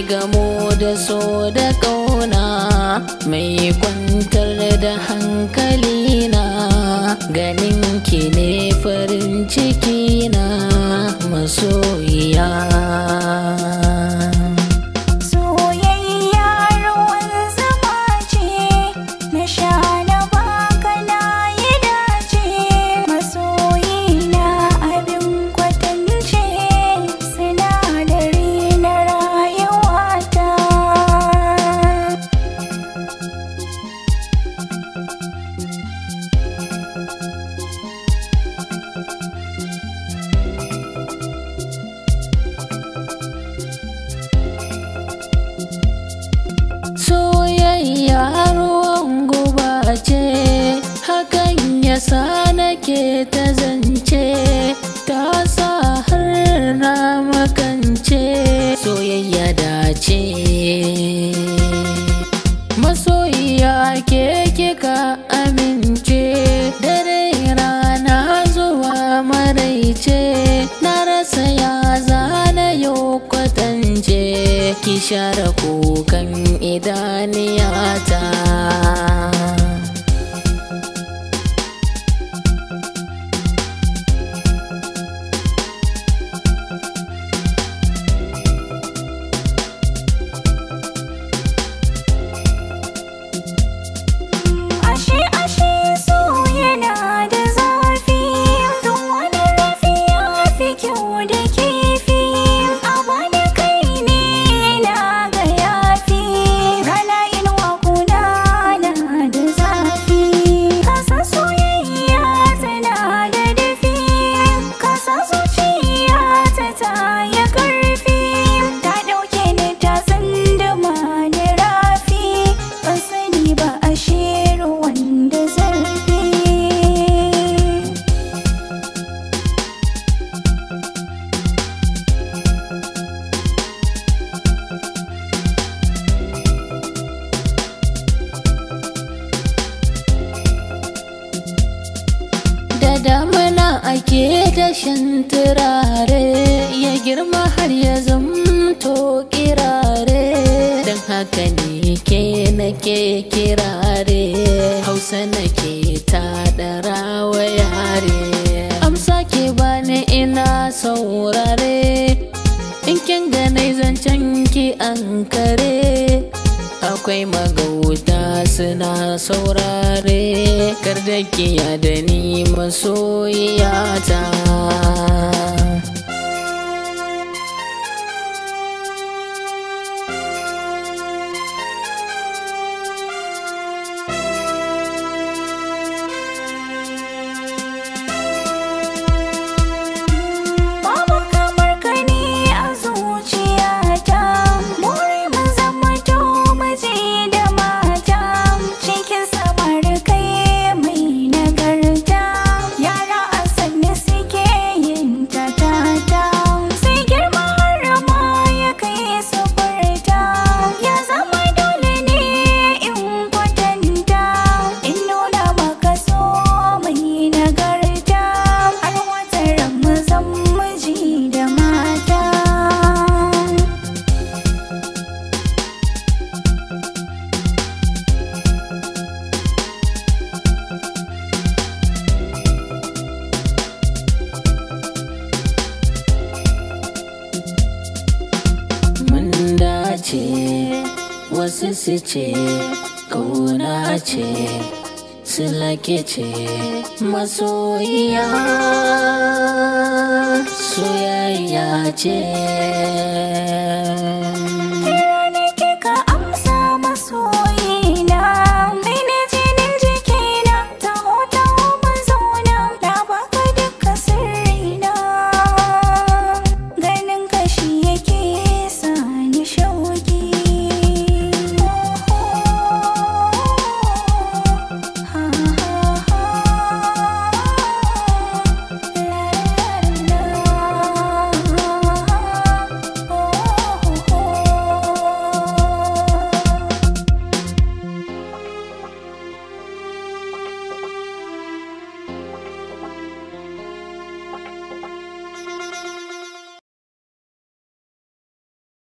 gamo da so da ƙauna mai kwantar da hankali na ganin ki ne farin ciki na masoyiya yasa nake ta zance ta sa har na makance soyayya dace masoyiya ke kika amince dare rana zuwa maraice na rasa ya zana yau kwatance ki share kukan idaniyata ke dashen turare ya girma har ya zamto kirare don haka ne ke nake kirare hausa nake ta rawa yare amsa ke bani ina saurare in kin ganai zancen ki an kare akwai magauta suna saurare kar da ke ya da ni masoyiyata ce wasu su ce kauna ce silake ce masoyiya soyayya ce